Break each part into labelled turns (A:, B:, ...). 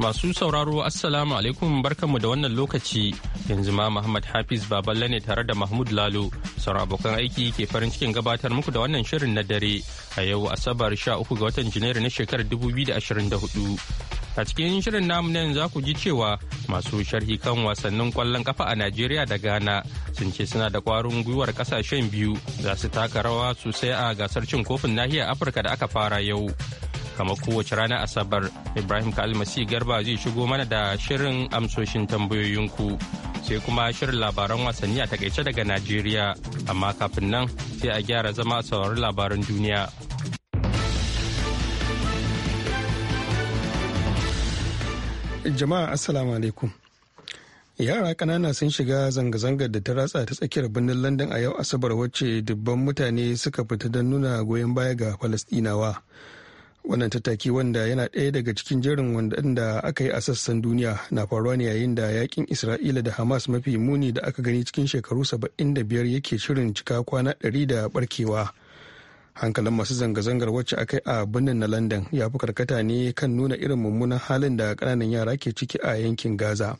A: Masu sauraro Assalamu alaikum barkanmu da wannan lokaci yanzu ma Muhammad Hafiz Baballe ne tare da Mahmud Lalo sauran abokan aiki ke farin cikin gabatar muku da wannan shirin na dare a yau Asabar Sha uku ga watan Janairu na shekarar 2024. A cikin shirin namu nan za ku ji cewa masu sharhi kan wasannin kwallon kafa a Najeriya da Ghana sun ce suna da kwarin gwiwar kasashen biyu za su taka rawa sosai a gasar cin kofin nahiyar Afirka da aka fara yau. kamar kowace ranar asabar ibrahim kalmasi garba zai shigo mana da shirin amsoshin tambayoyinku sai kuma shirin labaran wasanni a takaice daga najeriya amma kafin nan sai a gyara zama sauraron labaran duniya
B: jama'a assalamu alaikum yara kanana sun shiga zanga-zangar da ta ratsa ta tsakiyar birnin london a yau asabar wacce dubban mutane suka fita don nuna goyon baya ga falastinawa wannan tattaki wanda yana ɗaya daga cikin jerin wanda aka yi a sassan duniya na faruwa ne yayin da yakin isra'ila da hamas mafi muni da aka gani cikin shekaru 75 yake shirin cika kwana 100 da barkewa hankalin masu zanga-zangar wacce aka yi a birnin na london ya fi karkata ne kan nuna irin mummunan halin da ƙananan yara ke ciki a yankin gaza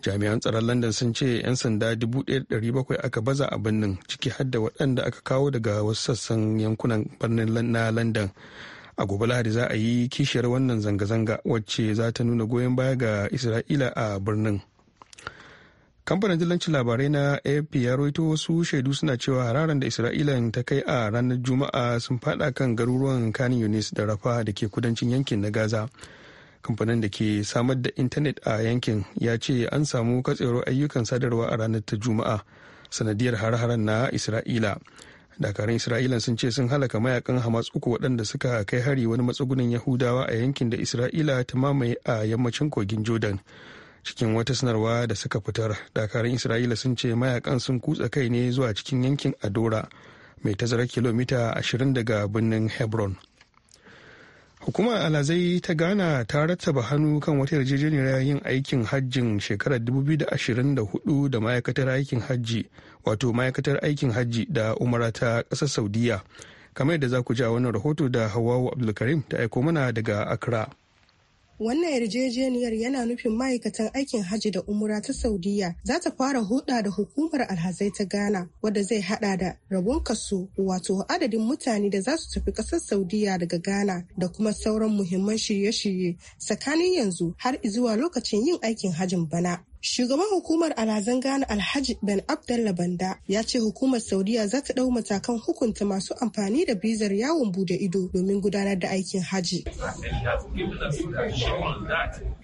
B: jami'an tsaron london sun ce 'yan sanda 1,700 aka baza a birnin ciki har da waɗanda aka kawo daga wasu sassan yankunan birnin na london a gobe lahadi za a yi kishiyar wannan zanga-zanga wacce za ta nuna goyon baya ga isra'ila a birnin kamfanin dillancin labarai na ap ya roito wasu shaidu suna cewa hararan da isra'ila ta kai a ranar juma'a sun fada kan garuruwan kan yunis da rafa da ke kudancin yankin na gaza kamfanin da ke samar da intanet a yankin ya ce an samu katsewar ayyukan sadarwa a ranar ta juma'a sanadiyar har-haren na isra'ila dakarun isra'ila sun ce sun halaka mayakan hamas uku waɗanda suka kai hari wani matsugunin yahudawa a yankin da isra'ila ta mamaye a yammacin kogin jordan cikin wata sanarwa da suka fitar dakarun isra'ila sun ce mayakan sun kutsa kai ne zuwa cikin yankin adora mai tazara kilomita 20 daga birnin hebron hukumar alazai ta ghana ta rattaba hannu kan wata yarjejeniyar yin aikin hajjin shekarar 2024 da ma'aikatar aikin hajji wato ma'aikatar aikin hajji da umara ta ƙasar saudiya kamar yadda za ku ji a wannan rahoto da hawawu abdulkarim ta aiko mana daga accra
C: Wannan yarjejeniyar yana nufin ma'aikatan aikin hajji da umura ta Saudiya za ta fara hulɗa da hukumar alhazai ta Ghana wadda zai hada da rabon kaso wato adadin mutane da za su tafi ƙasar Saudiya daga Ghana da kuma sauran muhimman shirye-shirye tsakanin yanzu har zuwa lokacin yin aikin hajjin bana. Shugaban hukumar alhazan Ghana Alhaji Ben Abdallah Banda ya ce hukumar Saudiya za ta ɗau matakan hukunta masu amfani da bizar yawon bude ido domin gudanar da aikin haji.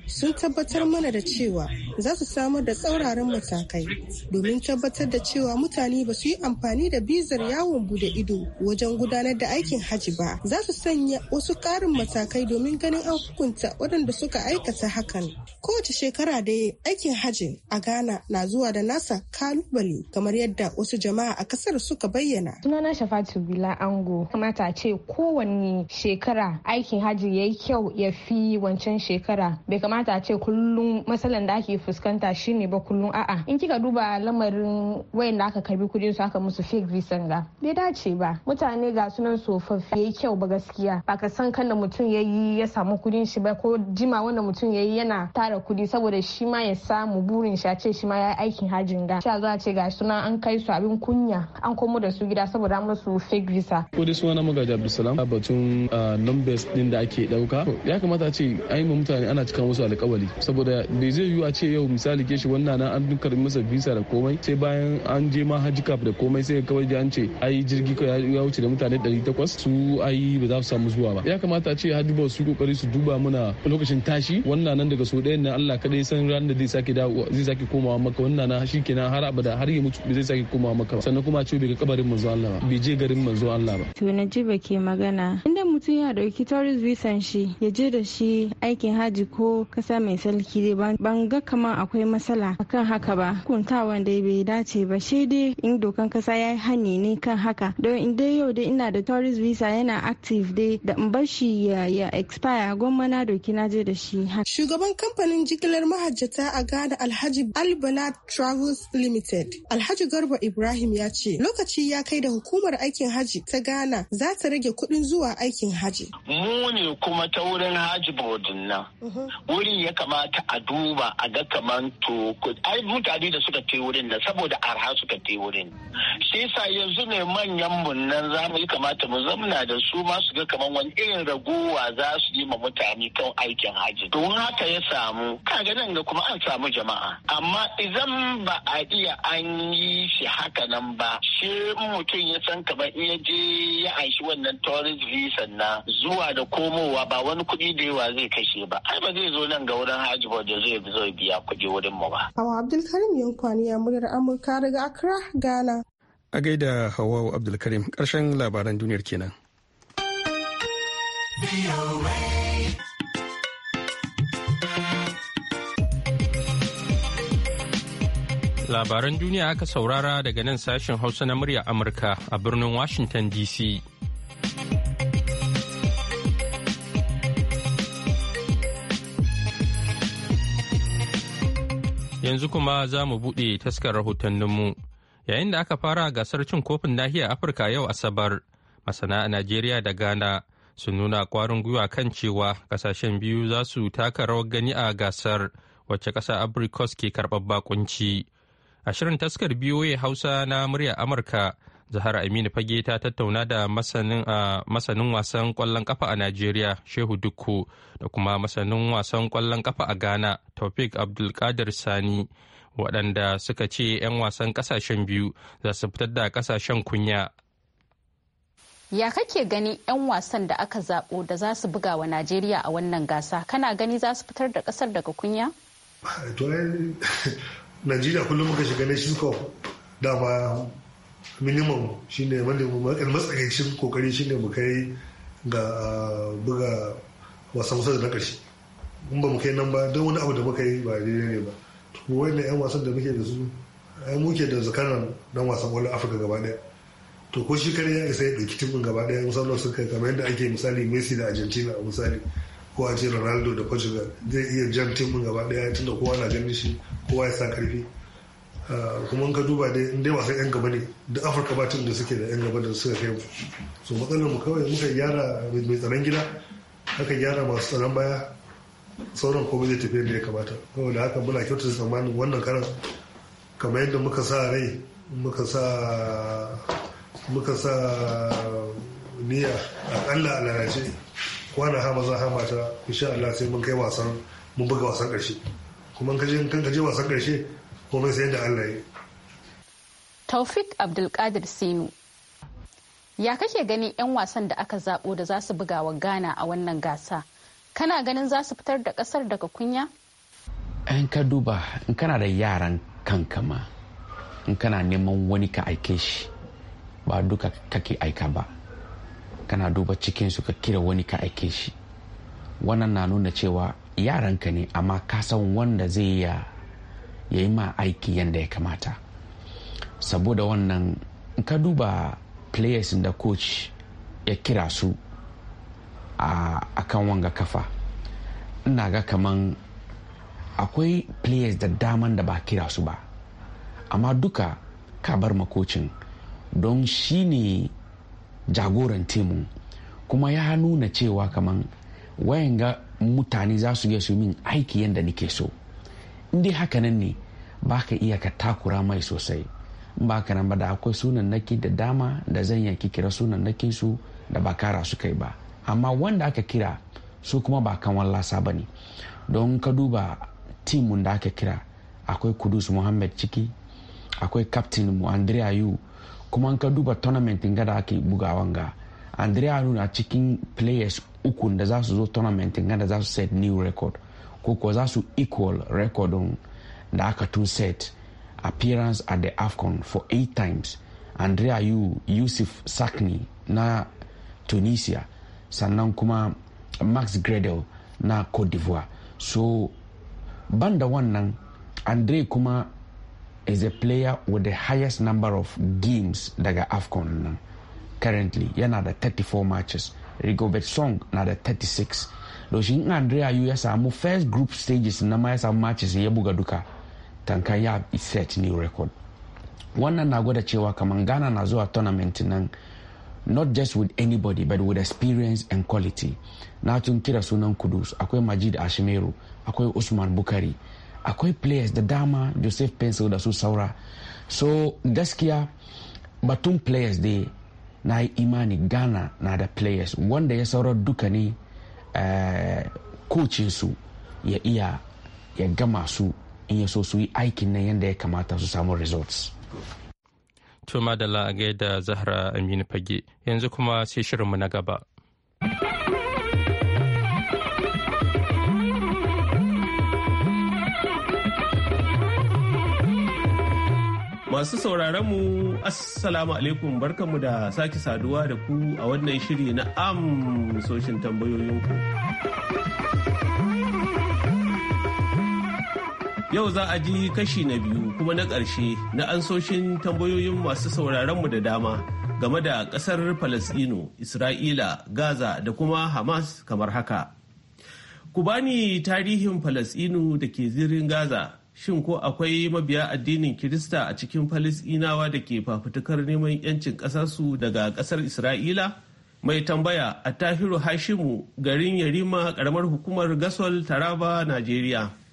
C: Sun tabbatar mana da cewa za su samar da tsauraran matakai domin tabbatar da cewa mutane ba su yi amfani da bizar yawon bude ido wajen gudanar da aikin haji ba. Za su sanya wasu ƙarin matakai domin ganin an hukunta waɗanda suka aikata hakan. Kowace shekara da aikin manhajin a Ghana na zuwa da nasa kalubale kamar yadda wasu jama'a a kasar suka bayyana. Sunana Shafatu Bila Ango kamata ce kowanne shekara aikin hajji ya yi kyau ya fi wancan shekara bai kamata ce kullum matsalan da ake fuskanta shine ba kullum a'a in kika duba lamarin wayan da aka karbi kudin su aka musu fake visa ga bai dace ba mutane ga sunan tsofaffi ya yi kyau ba gaskiya ba ka san kan da mutum ya yi ya samu kudin shi ba ko jima wanda mutum ya yi yana tara kudi saboda shi ma ya samu samu burin shi a ce shi ma ya aikin hajin da sha za a ce ga suna an kai su abin kunya an komo da su gida saboda musu fake visa
D: ko dai suna magaji abdulsalam a batun numbers din da ake dauka ya kamata a ce ai ma mutane ana cika musu alƙawari saboda bai zai yiwu a ce yau misali ke shi wannan na an karbi masa visa da komai sai bayan an je ma hajji kaf da komai sai kawai da an ce ai jirgi ko ya wuce da mutane 800 su ai ba za su samu zuwa ba ya kamata a ce hajji ba su kokari su duba muna lokacin tashi wannan nan daga so ɗayan nan Allah kadai san ranar da zai sake da zai sake komawa maka wannan na shi kenan har abada har ya mutu zai sake komawa maka sannan kuma ce bai ga kabarin manzo Allah ba bai je garin manzo Allah ba
C: to na ba ke magana mutum ya dauki tourist visa shi ya je da shi aikin haji ko kasa mai sarki dai ban ga kamar akwai matsala akan haka ba kuntawan dai bai dace ba shi dai in dokan kasa ya yi hani ne kan haka don in dai yau dai ina da tourist visa yana active dai da in bar shi ya, expire gwamma na doki na je da shi shugaban kamfanin jigilar mahajjata a Ghana Alhaji Albala Travels Limited Alhaji Garba Ibrahim ya ce lokaci ya kai da hukumar aikin haji ta Ghana za ta rage kuɗin zuwa aikin haji?
D: Mu ne kuma ta wurin haji bodin nan. Wuri ya kamata a duba a ga kaman to
E: ai mutane da suka te wurin da saboda arha suka te wurin. Shi yasa yanzu ne manyan
D: mun nan za mu yi kamata mu zamna da su ma su ga kaman wani irin raguwa za su yi ma mutane kan aikin haji. Don haka ya samu ka nan ga kuma an samu jama'a. Amma idan ba a iya an yi shi haka nan ba shi mutum ya san
E: kamar iya je ya aishi wannan tourist visa na na zuwa da komowa ba wani kuɗi
D: da yawa zai kashe ba ai ba zai zo nan ga wurin Haji da zai zo biya kuɗi wurin mu ba Hawa
C: Abdulkarim Yankwani ya muryar Amurka daga Accra Ghana
B: a gaida Hawa Abdulkarim karshen labaran duniyar kenan
A: Labaran duniya aka saurara daga nan sashen Hausa na murya Amurka a birnin Washington DC. Yanzu kuma za mu buɗe taskar rahotanninmu. Yayin da aka fara gasar cin kofin nahiyar Afirka yau Asabar, masana a Najeriya da Ghana sun nuna kwarin gwiwa kan cewa kasashen biyu za su taka rawar gani a gasar wacce ƙasa Abrikos ke karɓar bakunci. A shirin taskar ya Hausa na muryar Amurka zahra Aminu Fage ta tattauna da masanin wasan kwallon kafa a Najeriya Shehu Dukku da kuma masanin wasan kwallon kafa a Ghana Taufik Abdulkadir Sani waɗanda suka ce 'yan wasan kasashen biyu za su fitar da kasashen kunya.
C: Ya kake gani 'yan wasan da aka zaɓo da za su buga wa Najeriya a wannan gasa kana gani za su fitar da ƙasar daga kunya?
F: Najeriya kullum muka shiga ne shi minimum shine wanda matsakaicin kokari shine mu kai ga ah, buga wasan wasan da na ƙarshe in ba mu kai nan ba don wani abu da muka yi ba daidai ne ba to wani yan wasan da muke da su ai muke da zakaran dan wasan wani afirka gaba daya to ko shi kare ya isa ya ɗauki timin gaba ɗaya musamman sun kai kamar yadda ake misali messi da argentina a misali ko a ce ronaldo da portugal zai iya jan timin gaba ɗaya tunda kowa na ganin shi kowa ya sa karfi Eh, kuma ka duba dai in dai wasan yan gaba ne da afirka ba da suke da yan gaba da suka kai mu so matsalar mu kawai muka gyara mai tsaron gida aka gyara masu tsaron baya sauran komai zai tafi yadda ya kamata kawai da haka muna kyautata tsammanin wannan karan kamar yadda muka sa rai muka sa muka sa niyya akalla a lalace kwana hama za hama ta insha Allah sai mun kai wasan mun buga wasan karshe kuma kan ka wasan karshe komai sai da Allah yi
C: Taufik Abdulkadir Sinu ya kake ganin 'yan wasan da aka zabo da za su buga wa Ghana a wannan gasa kana ganin za su fitar da kasar daga kunya?
G: in ka duba in kana da yaran kanka ma in kana neman wani ka aike shi ba duka kake aika ba kana duba cikin su kira wani ka aike shi wannan na nuna cewa yaranka ne amma kasan wanda zai ya. ya yi ma aiki yadda ya kamata saboda wannan ka duba players da coach ya kira su a kan wanga kafa ina ga kaman akwai players da daman da ba kira su ba amma duka ka bar makocin don shi ne jagoran timu kuma ya nuna cewa kaman wayan ga mutane za su su min aiki yadda nike so inda hakanan ne ba ka iya ka takura mai sosai ba ka nan ba da akwai sunan naki da dama da zan yanki kira sunan nakin su da ba kara su kai ba amma wanda aka kira su kuma ba kan wallasa ba ne don ka duba timun da aka kira akwai kudus muhammad ciki akwai captain mu andrea yu kuma ka duba tournament ga da aka bugawan ga andrea yu na cikin players uku da za su zo tournament ga da za su set new record ko kuwa za su equal recordin da aka tun set appearance at the afcon for eight times andrea yu yusuf sakni na tunisia sannan kuma max gredel na cote d'ivoire so banda wannan andre kuma is a player with the highest number of games daga afcon nan currently yana da 34 matches rigobert song na da 36 doshin andrea yu ya samu first group stages na ma ya samu matches ya buga duka tankan ya set new record wannan na gwada cewa kamar ghana na zuwa tournament nan not just with anybody but with experience and quality na tun kira sunan kudus akwai majid ashimeru akwai usman bukari akwai players da dama joseph pencil da su saura so gaskiya batun players dai na yi imani ghana na da players wanda ya saurar duka ne uh, eh, kocinsu ya iya ya gama su in ya so su yi aikin nan yadda ya kamata su samu results.
A: To Madala a gaida Zahra Aminu Fage yanzu kuma sai shirinmu na gaba.
D: Masu sauraronmu mu Assalamu alaikum barkanmu da sake saduwa da ku a wannan shiri na amsoshin tambayoyinku. Yau za a ji kashi na biyu kuma na ƙarshe na ansoshin tambayoyin masu sauraronmu da dama game da ƙasar Falasɗinu, Isra'ila, Gaza da kuma Hamas kamar haka. Ku bani tarihin Falasɗinu da ke zirin Gaza, shin ko akwai mabiya addinin Kirista a cikin Falasɗinawa da ke fafutukar neman 'yancin ƙasarsu daga ƙasar Isra'ila? Mai tambaya a Tahiru Hashimu garin Yarima ƙaramar hukumar Gasol Taraba, Najeriya.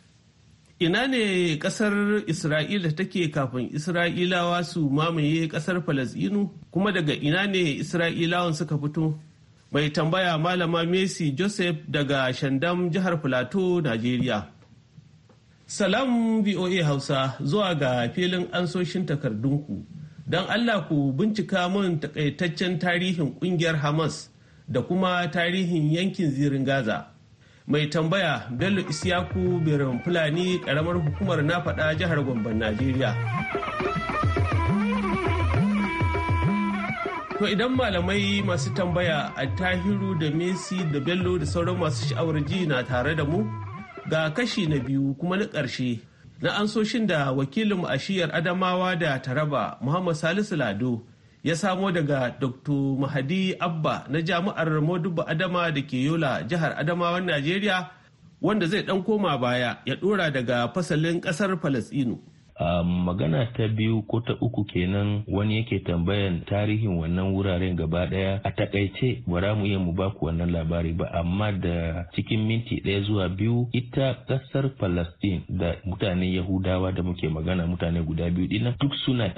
D: ina ne kasar isra'ila take kafin isra'ilawa su mamaye kasar falasɗinu kuma daga ina ne isra'ilawan suka fito mai tambaya malama messi joseph daga shandam jihar plateau nigeria salam voa hausa zuwa ga filin ansoshin takardunku don allah ku bincika mun takaitaccen tarihin kungiyar hamas da kuma tarihin yankin zirin gaza mai tambaya bello isiyaku birin fulani karamar hukumar na faɗa jihar gwamban najeriya to idan malamai masu tambaya a tahiru da messi da bello da sauran masu sha'awar ji na tare da mu ga kashi na biyu kuma na ƙarshe na ansoshin da wakilin ashiyar adamawa da taraba muhammad salisu lado ya samo daga dr mahadi abba na jami'ar modubu adama da ke yola jihar adamawan najeriya wanda zai dan koma baya ya dora daga fasalin kasar falasinu
E: magana ta biyu ko ta uku kenan wani yake tambayan tarihin wannan wuraren gaba daya a takaice bara mu iya mu baku wannan labari ba amma da cikin minti daya zuwa biyu ita kasar Palestine da mutanen Yahudawa da muke magana mutane guda biyu dinnan duk suna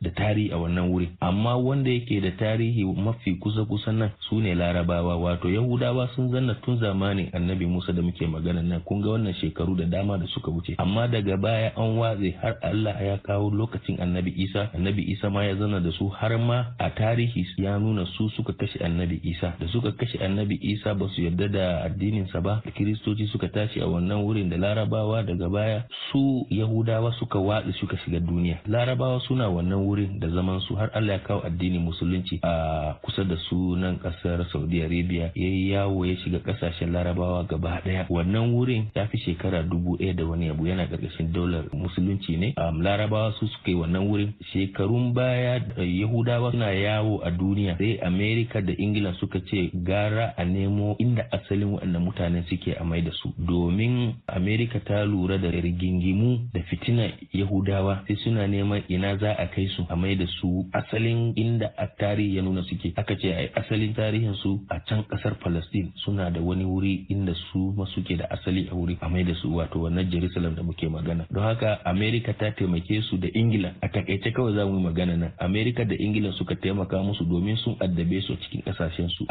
E: da tarihi a wannan wuri amma wanda yake da tarihi mafi kusa kusa nan su ne Larabawa wato Yahudawa sun zanna tun zamanin Annabi Musa da muke magana nan kun ga wannan shekaru da dama da suka wuce amma daga baya an watse har Allah ya kawo lokacin annabi Isa annabi Isa ma ya zana da su har ma a tarihi ya nuna su suka kashe annabi Isa da suka kashe annabi Isa ba su yarda da addininsa ba kiristoci suka tashi a wannan wurin da larabawa daga baya su yahudawa suka watsi suka shiga duniya larabawa suna wannan wurin da zaman su har Allah ya kawo addinin musulunci a kusa da su nan kasar Saudi Arabia yayi yawo ya shiga kasashen larabawa gaba daya wannan wurin ya fi shekara dubu ɗaya da wani abu yana karkashin daular musulunci ne ne larabawa su suka yi wannan wurin shekarun baya eh, yahudawa suna yawo a duniya sai amerika da ingila suka ce gara a nemo inda asalin waɗannan mutane suke a mai da su domin amerika ta lura da rigingimu da fitina yahudawa sai suna neman ina za a kai su a mai da su asalin inda a tarihi ya nuna suke aka ce a asalin tarihin su a can kasar palestine suna da wani wuri inda su ma suke da asali a wuri a mai da su wato wannan jerusalem da muke magana don haka amerika ta taimake su da ingila a takaice kawai za mu yi magana nan amerika da ingila suka taimaka musu domin sun addabe su cikin kasashen su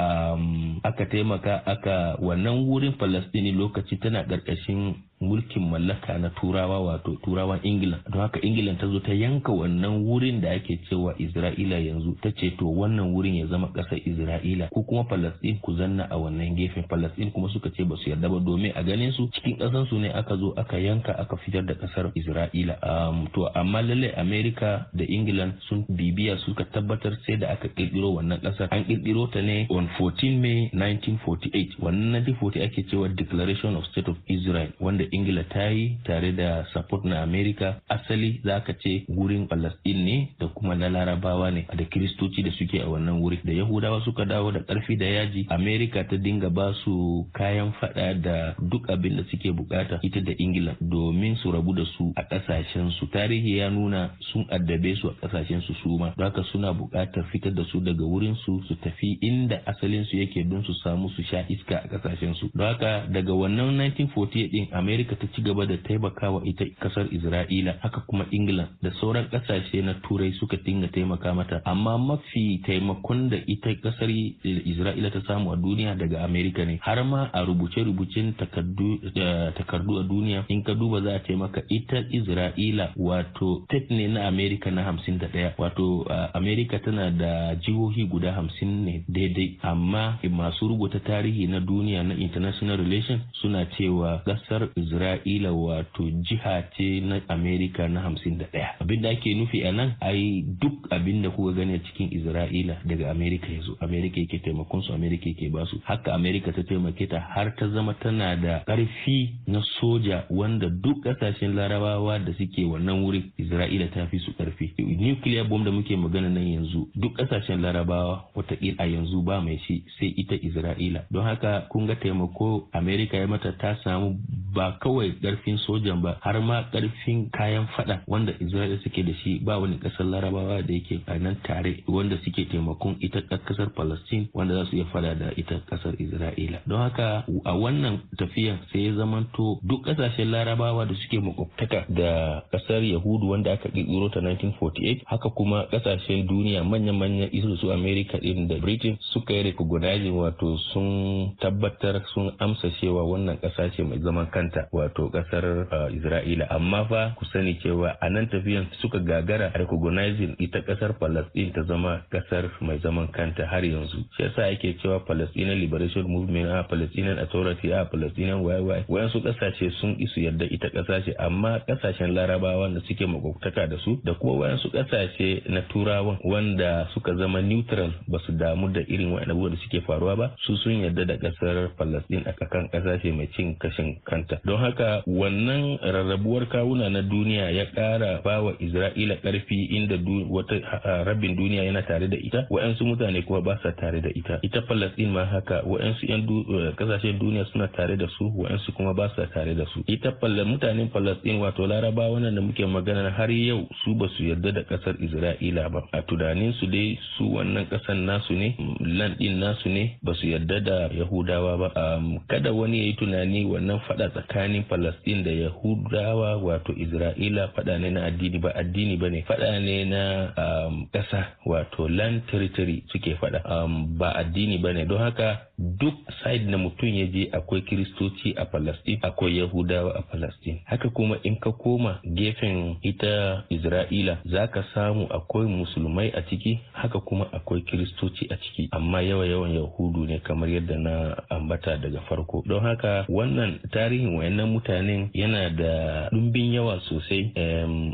E: aka taimaka aka wannan wurin falastini lokaci tana karkashin mulkin mallaka na turawa wato turawan ingila don haka ingilan ta zo ta yanka wannan wurin da ake cewa isra'ila yanzu ta ce to wannan wurin ya zama ƙasar isra'ila ko kuma palestine ku zanna a wannan gefen palestine kuma suka ce ba su yarda ba domin a ganin su cikin ƙasar su ne aka zo aka yanka aka fitar da ƙasar isra'ila um, to amma lallai america da ingilan sun bibiya suka tabbatar sai da aka ƙirƙiro wannan ƙasar an ƙirƙiro ta ne on 14 may 1948 wannan 1940 ake cewa declaration of state of israel wanda ingila ta yi tare da support na america asali za ka ce gurin palestine ne da kuma na larabawa ne da kiristoci da suke a wannan wuri da yahudawa suka dawo da karfi da yaji america ta dinga ba su kayan fada da duk abin da suke bukata ita da ingila domin su rabu da su a kasashen su tarihi ya nuna sun addabe su a kasashen su suma haka suna bukatar fitar da su daga wurin su su tafi inda asalin su yake don su samu su sha iska a kasashen su haka daga wannan 1948 din america amerika ta ci gaba da taimakawa ita kasar isra'ila haka kuma ingila da sauran kasashe na turai suka dinga taimaka mata amma mafi taimakon da ita kasar isra'ila ta samu a duniya daga amerika ne har ma a rubuce-rubucen eh, takardu a duniya in ka duba za a taimaka ita isra'ila wato tet ne na amerika na hamsin da ɗaya wato eh, amerika tana da jihohi guda hamsin ne daidai amma masu rubuta tarihi na duniya na international relations suna cewa kasar Isra'ila wato jiha ce na Amerika na hamsin da ɗaya. Abin da ake nufi a nan ai duk abin da kuka gani a cikin Isra'ila daga Amerika ya zo. Amerika yake taimakon su Amerika yake ba su. Haka Amerika ta taimake ta har ta zama tana da ƙarfi na soja wanda duk ƙasashen larabawa da suke wannan wurin Isra'ila ta fi su ƙarfi. Nukiliya bom da muke magana nan yanzu duk ƙasashen larabawa watakila a yanzu ba mai shi sai ita Isra'ila. Don haka kun ga taimako Amerika ya mata ta samu ba kawai karfin sojan ba har ma karfin kayan fada wanda Isra'ila suke da shi ba wani kasar Larabawa da yake a nan tare wanda suke taimakon ita kasar Palestine wanda za su iya fada da ita kasar Isra'ila. Don haka a wannan tafiya sai ya zamanto duk kasashen Larabawa da suke makwabtaka da kasar Yahudu wanda aka kirkiro ta 1948 haka kuma kasashen duniya manya-manyan isu su America din da Britain suka yi recognizing wato sun tabbatar sun amsa cewa wannan kasa mai zaman kanta. kanta wato kasar uh, Isra'ila amma fa ku sani cewa a nan tafiyan suka gagara recognizing ita kasar Palestine ta zama kasar mai zaman kanta har yanzu shi yasa ake cewa Palestine Liberation Movement a Palestine Authority a Palestine YY wayansu kasashe sun isu yadda ita kasa ce amma kasashen Larabawa da suke makwabtaka da su da kuma wayansu kasashe na Turawan wanda suka zama neutral ba su damu da irin waɗannan abubuwan suke faruwa ba su sun yarda da kasar Palestine a kan ƙasashe mai cin kashin kanta Don haka wannan rarrabuwar kawuna na duniya ya ƙara ba wa Isra'ila karfi inda wata rabin duniya yana tare da ita, wa'yansu mutane kuma ba sa tare da ita. Ita palestine ma haka, wa'yansu 'yan kasashen eh, duniya suna tare da su, wa'yansu kuma ba sa tare da su. Ita mutanen palestine wato Larabawa nan da muke magana har yau su ba su yarda da kasar Isra'ila ba. A tunanin su dai su wannan ƙasan nasu ne, land ɗin nasu ne, ba su yarda da Yahudawa ba. Kada wani ya yi tunani wannan faɗa tsakanin falastin da yahudawa wato isra'ila faɗane ne na addini ba addini ba ne fada ne na um, ƙasa wato land territory suke faɗa um, ba addini ba ne don haka duk side na mutum ya je akwai kiristoci a Palestine akwai Yahudawa a Palestine haka kuma in ka koma gefen ita Isra'ila za ka samu akwai musulmai a ciki haka kuma akwai kiristoci a ciki amma yawa yawan Yahudu ne kamar yadda na ambata daga farko don haka wannan tarihin wayannan mutanen yana da ɗumbin yawa sosai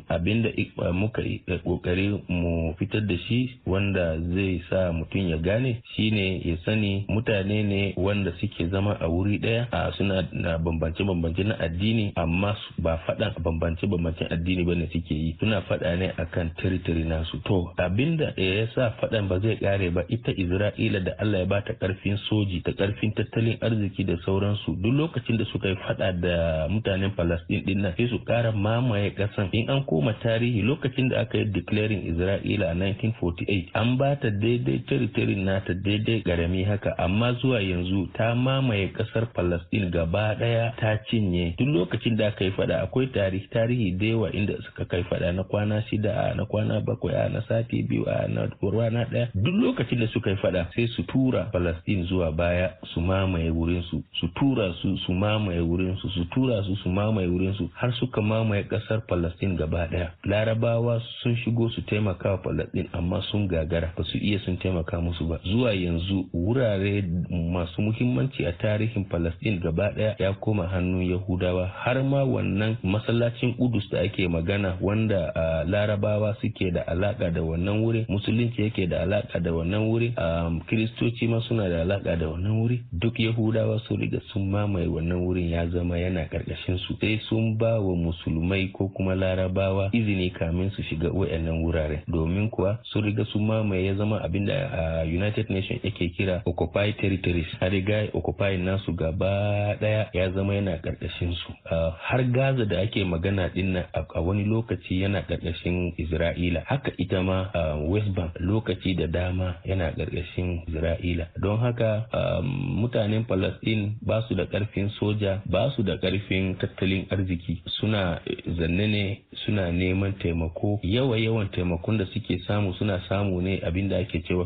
E: abinda eh, muka kokari eh, mu fitar da shi wanda zai sa mutum ya gane shine ya sani mutane mutane ne wanda suke zama a wuri ɗaya a suna na bambance-bambance na addini amma ba faɗan bambance-bambancen addini bane suke yi suna faɗa ne akan tiritiri nasu to abinda ya sa faɗan ba zai ƙare ba ita isra'ila da allah ya bata ƙarfin soji ta ƙarfin tattalin arziki da sauransu duk lokacin da suka yi faɗa da mutanen falastin din nan sai su ƙara mamaye ƙasan in an koma tarihi lokacin da aka yi declaring isra'ila a 1948 an bata daidai na ta daidai garami haka amma zuwa yanzu ta mamaye kasar Palestine gaba daya ta cinye duk lokacin da aka yi fada akwai tarihi tarihi da yawa inda suka kai fada na kwana shida a na kwana bakwai a na sati biyu a na rana daya duk lokacin da suka yi fada sai su tura Palestine zuwa baya su mamaye wurin su su tura su su mamaye wurin su su tura su su mamaye wurin su har suka mamaye kasar Palestine gaba daya Larabawa sun shigo su taimaka wa Palestine amma sun gagara ba su iya sun taimaka musu ba zuwa yanzu wurare masu muhimmanci a tarihin falastin gaba ɗaya ya koma hannun Yahudawa har ma wannan masallacin Kudus da ake magana wanda a Larabawa suke da alaka da wannan wuri musulunci yake da alaka da wannan wuri Kiristoci ma suna da alaka da wannan wuri duk Yahudawa sun riga sun mamaye wannan wurin ya zama yana karkashin su sai sun ba wa musulmai ko kuma Larabawa izini kamin su shiga wayannan wurare. domin kuwa sun riga sun mamaye ya zama abinda a United Nations yake kira occupied territory territories har riga occupy nasu gaba daya ya zama yana karkashin su har gaza da ake magana din a wani lokaci yana karkashin isra'ila haka ita ma west bank lokaci da dama yana karkashin isra'ila don haka mutanen palestine ba su da karfin soja ba su da karfin tattalin arziki suna e, zanne ne suna neman taimako yawa yawan taimakon da suke samu suna samu ne abinda ake cewa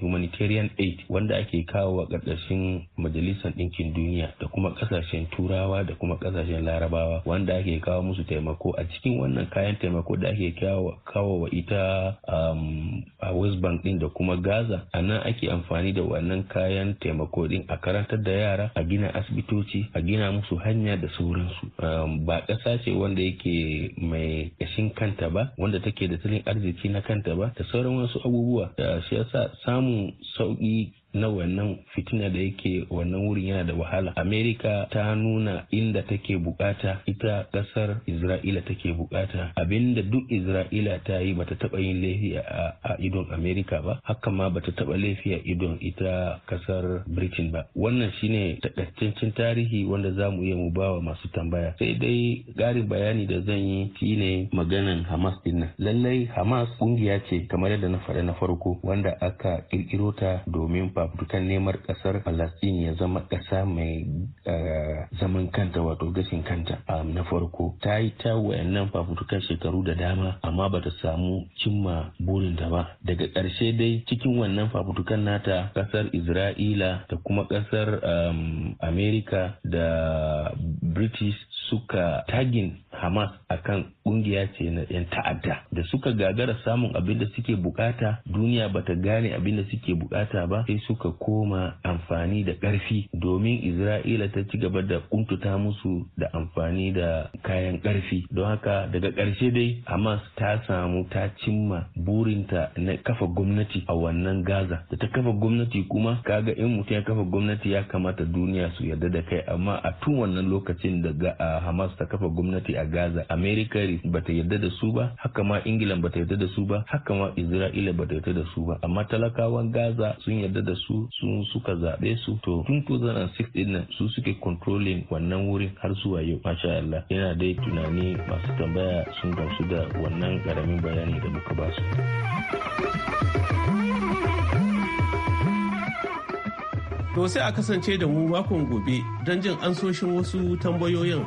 E: humanitarian aid wanda ake kawo wa. ƙarƙashin majalisar ɗinkin duniya da kuma ƙasashen turawa da kuma ƙasashen larabawa wanda ake kawo musu taimako a cikin wannan kayan taimako da ake kawo wa ita um, a west bank ɗin da kuma gaza a nan ake amfani da wannan kayan taimako ɗin a karantar da yara a gina asibitoci a gina musu hanya da sauransu um, ba ƙasa ce wanda yake mai ƙashin kanta ba wanda take da tattalin arziki na kanta ba da sauran wasu abubuwa da shi yasa samun sauƙi na wannan fitina da yake wannan wurin yana da wahala amerika ta nuna inda take bukata ita kasar isra'ila take bukata abinda duk isra'ila ta yi bata taba yin laifi a idon amerika ba haka ma bata taba laifi a idon ita kasar britain ba wannan shine takaitaccen tarihi wanda za mu iya mu bawa masu tambaya sai dai garin bayani da zan yi shine maganan hamas din lallai hamas kungiya ce kamar yadda na faɗa na farko wanda aka ƙirƙirota domin fafutukan neman kasar Palestine ya zama kasa mai eh, zaman kanta wato gashin kanta na farko ta yi ta wayannan fafutukan shekaru da dama amma ba ta samu cimma burin ta ba daga ƙarshe dai cikin wannan fafutukan nata kasar Isra'ila da kuma kasar Amerika da British suka tagin hamas a kan ƙungiya ce na 'yan ta'adda da suka gagara samun abin da suke bukata duniya ba ta gane abin da suke bukata ba sai suka koma amfani da ƙarfi domin isra'ila ta ci gaba da kuntuta musu da amfani da kayan ƙarfi. don haka daga ƙarshe dai hamas ta samu ta cimma burinta na kafa gwamnati a wannan gaza da ta kafa gwamnati kuma kaga in mutum ya kafa gwamnati ya kamata duniya su yarda da kai amma a tun wannan lokacin da hamas ta kafa gwamnati a Gaza America ba ta yarda da su ba haka ma England ta yarda da su ba haka ma Isra'ila ta yarda da su ba amma talakawan Gaza sun yarda da su sun suka zaɓe su to tun 2006 din nan su suke controlling wannan wurin har zuwa yau masha Allah yana dai tunani masu tambaya sun gamsu da wannan
D: karamin bayani da muka ba su. To sai a kasance da mu makon gobe don jin ansoshin wasu tambayoyin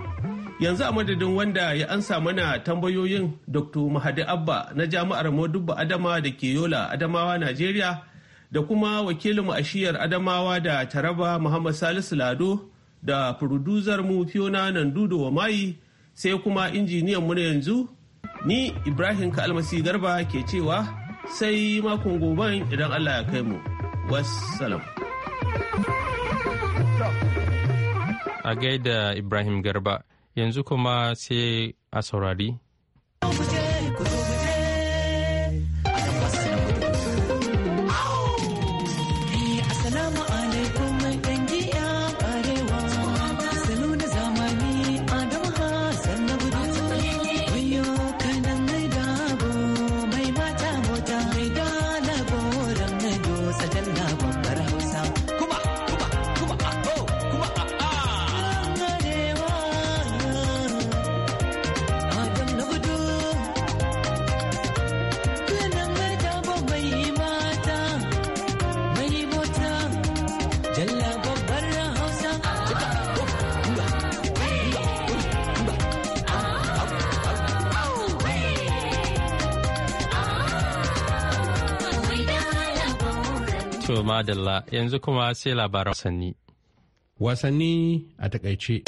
D: yanzu a madadin wanda ya ansa mana tambayoyin dr mahadi abba na jami'ar modubba adama da ke yola adamawa najeriya da kuma wakilin a adamawa da taraba muhammad salisu lado da furuduzar mu fiona wa mayi sai kuma injiniyan mu na yanzu ni ibrahim kalmasi garba ke cewa sai makon goban idan allah ya kai mu wassalam
A: a gaida ibrahim garba yanzu kuma sai a saurari. madalla yanzu kuma sai labaran wasanni.
B: Wasanni a takaice.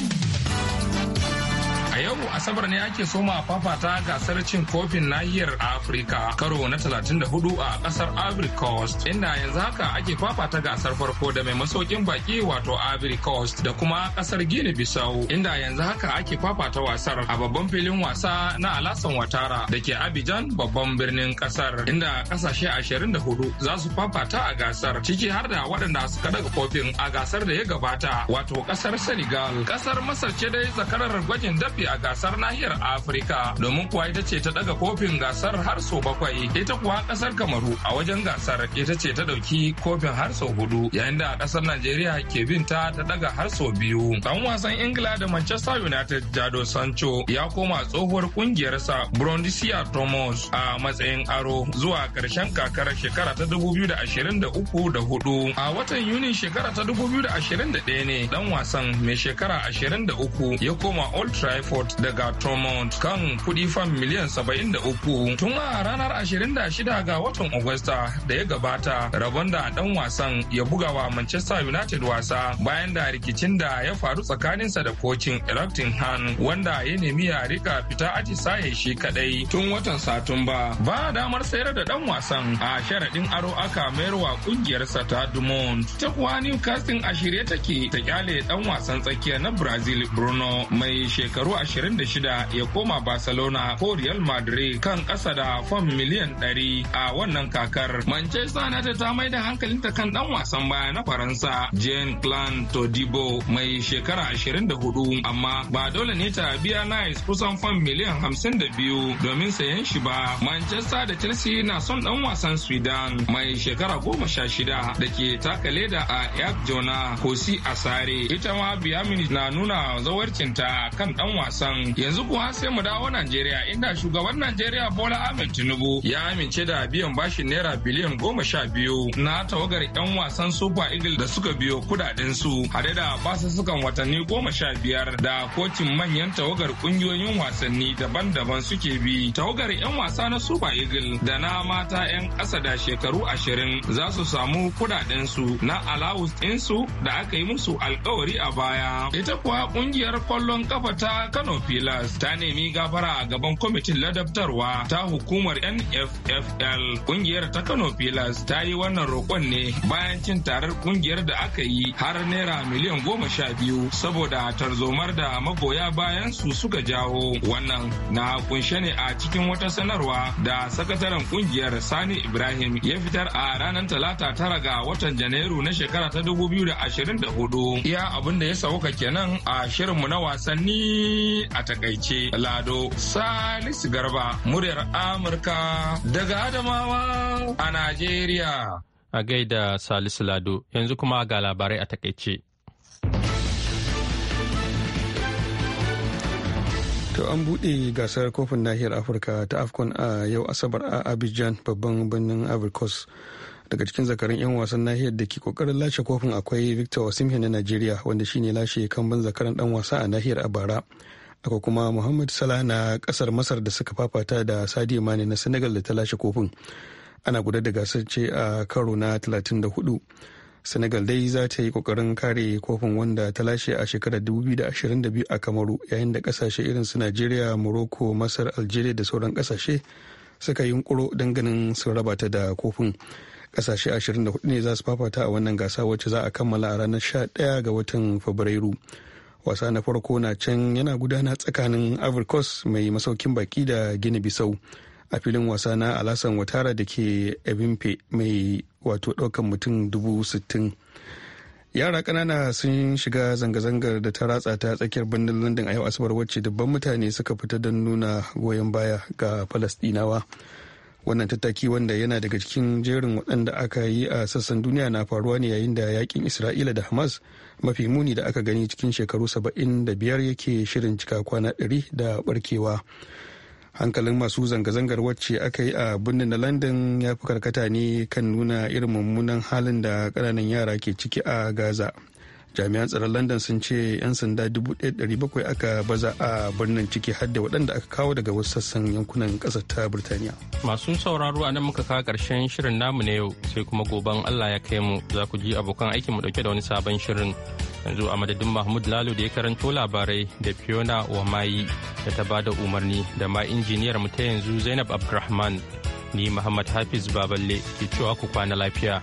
A: asabar ne ake soma fafata gasar cin kofin
H: nahiyar afirka karo na 34 a kasar ivory coast inda yanzu haka ake fafata gasar farko da mai masaukin baki wato ivory coast da kuma kasar Gini bisau inda yanzu haka ake fafata wasar a babban filin wasa na alasan watara da ke abidjan babban birnin kasar inda kasashe 24 za su fafata a gasar ciki har da waɗanda suka daga kofin a gasar da ya gabata wato kasar senegal kasar masar ce dai zakarar gwajin dafi a gasar nahiyar Afirka domin kuwa ita ce ta daga kofin gasar har sau bakwai ita kuwa kasar Kamaru a wajen gasar ita ce ta dauki kofin har sau hudu yayin da kasar Najeriya ke bin ta ta daga har sau biyu. Dan wasan Ingila da Manchester United Jado Sancho ya koma tsohuwar kungiyarsa Brondisia Thomas a matsayin aro zuwa karshen kakar shekara ta 2023 da hudu. A watan Yuni shekara ta 2021 ne dan wasan mai shekara 23 ya koma Old Trafford daga Ga Tormont kan kudi fam miliyan 73 tun a ranar 26 ga watan Agusta da ya gabata rabon da dan wasan ya buga wa Manchester United wasa bayan da rikicin da ya faru tsakaninsa da kocin Electing Han wanda ya nemi ya rika fita aji saye shi kadai tun watan Satumba. Ba damar sayar da dan wasan a sharaɗin aro aka mayarwa kungiyarsa ta Dumont. Ta kuwa Newcastle a shirye take ta kyale dan wasan tsakiya na Brazil Bruno mai shekaru 26 shida ya koma Barcelona ko Real Madrid kan ƙasa da fam miliyan 100 a wannan kakar. Manchester United ta mai da hankalinta kan dan wasan baya na Faransa Jean Clan Todibo mai shekara 24 amma ba dole ne ta biya Nice kusan fam miliyan 52 domin sayan shi ba. Manchester da Chelsea na son dan wasan Sweden mai shekara 16 da ke taka leda a Yak Jona Kosi Asare. Ita ma biya na nuna zawarcinta kan dan wasan Yanzu kuwa sai mu dawo Najeriya inda shugaban Najeriya Bola Ahmed Tinubu ya amince da biyan bashin naira biliyan goma sha biyu na tawagar 'yan wasan Super Eagle da suka biyo kudaden su hade da sukan watanni goma sha biyar da kocin manyan tawagar kungiyoyin wasanni daban-daban suke bi. Tawagar 'yan wasa na Super Eagle da na mata 'yan ƙasa da shekaru ashirin za su samu kudaden su na alawus ɗinsu da aka yi musu alkawari a baya. Ita kuwa kungiyar kwallon kafa ta Kano Pila Villas ta nemi gafara a gaban kwamitin ladabtarwa ta hukumar NFFL. Kungiyar ta Kano Pilas ta yi wannan roƙon ne bayan cin tarar kungiyar da aka yi har naira miliyan goma sha biyu saboda tarzomar da magoya bayan su suka jawo. Wannan na kunshe ne a cikin wata sanarwa da sakataren kungiyar Sani Ibrahim ya fitar a ranar Talata tara ga watan Janairu na shekara ta 2024. Iya abin da ya sauka kenan a shirinmu na wasanni a takaice Lado Salisu Garba muryar Amurka daga Adamawa a Najeriya.
A: A gaida Salisu Lado yanzu kuma ga labarai a takaice.
B: To an buɗe gasar kofin nahiyar Afirka ta Afcon a yau Asabar a Abidjan babban birnin Coast. daga cikin zakarin 'yan wasan nahiyar da ke kokarin lashe kofin akwai victor osimhen na nigeria wanda shine lashe ban zakaran dan wasa a nahiyar a bara akwai kuma muhammad salah na kasar masar da suka fafata da sadio mane na senegal da ta lashe kofin ana gudanar da gasar ce a karo na 34 senegal dai za ta yi kokarin kare kofin wanda ta lashe a shekarar 2022 a kamaru yayin da kasashe irin su nigeria morocco masar algeria da sauran kasashe suka yi yunkuro don sun raba da kofin kasashe 24 ne za su fafata a wannan gasa wacce za a kammala a ranar 11 ga watan fabrairu wasa na farko na can yana gudana tsakanin Coast mai masaukin baki da gini bisau a filin wasa na alasan watara da ke ebimpe mai wato daukan mutum dubu yara kanana sun shiga zanga-zangar da ta ratsa ta tsakiyar birnin london a yau asabar wacce dubban mutane suka fita don nuna goyon baya ga falastinawa wannan tattaki wanda yana daga cikin jerin waɗanda aka yi a sassan duniya na faruwa ne yayin da yakin isra'ila da hamas mafi muni da aka gani cikin shekaru 75 yake shirin cika kwana 100 da barkewa hankalin masu zanga-zangar wacce aka yi a birnin na london ya fi karkata ne kan nuna irin mummunan halin da kananan yara ke ciki a gaza jami'an tsaron london sun ce 'yan sanda 1,700 aka baza a birnin ciki har da waɗanda aka kawo daga wasu sassan yankunan ƙasar ta birtaniya
A: masu sauraro a nan muka kawo ƙarshen shirin namu na yau sai kuma goben allah ya kai mu za ku ji abokan aikin mu ɗauke da wani sabon shirin yanzu a madadin mahmud lalo da ya karanto labarai da fiona wamayi da ta ba da umarni da ma injiniyar mu ta yanzu zainab abdulrahman ni muhammad hafiz baballe ke cewa ku kwana lafiya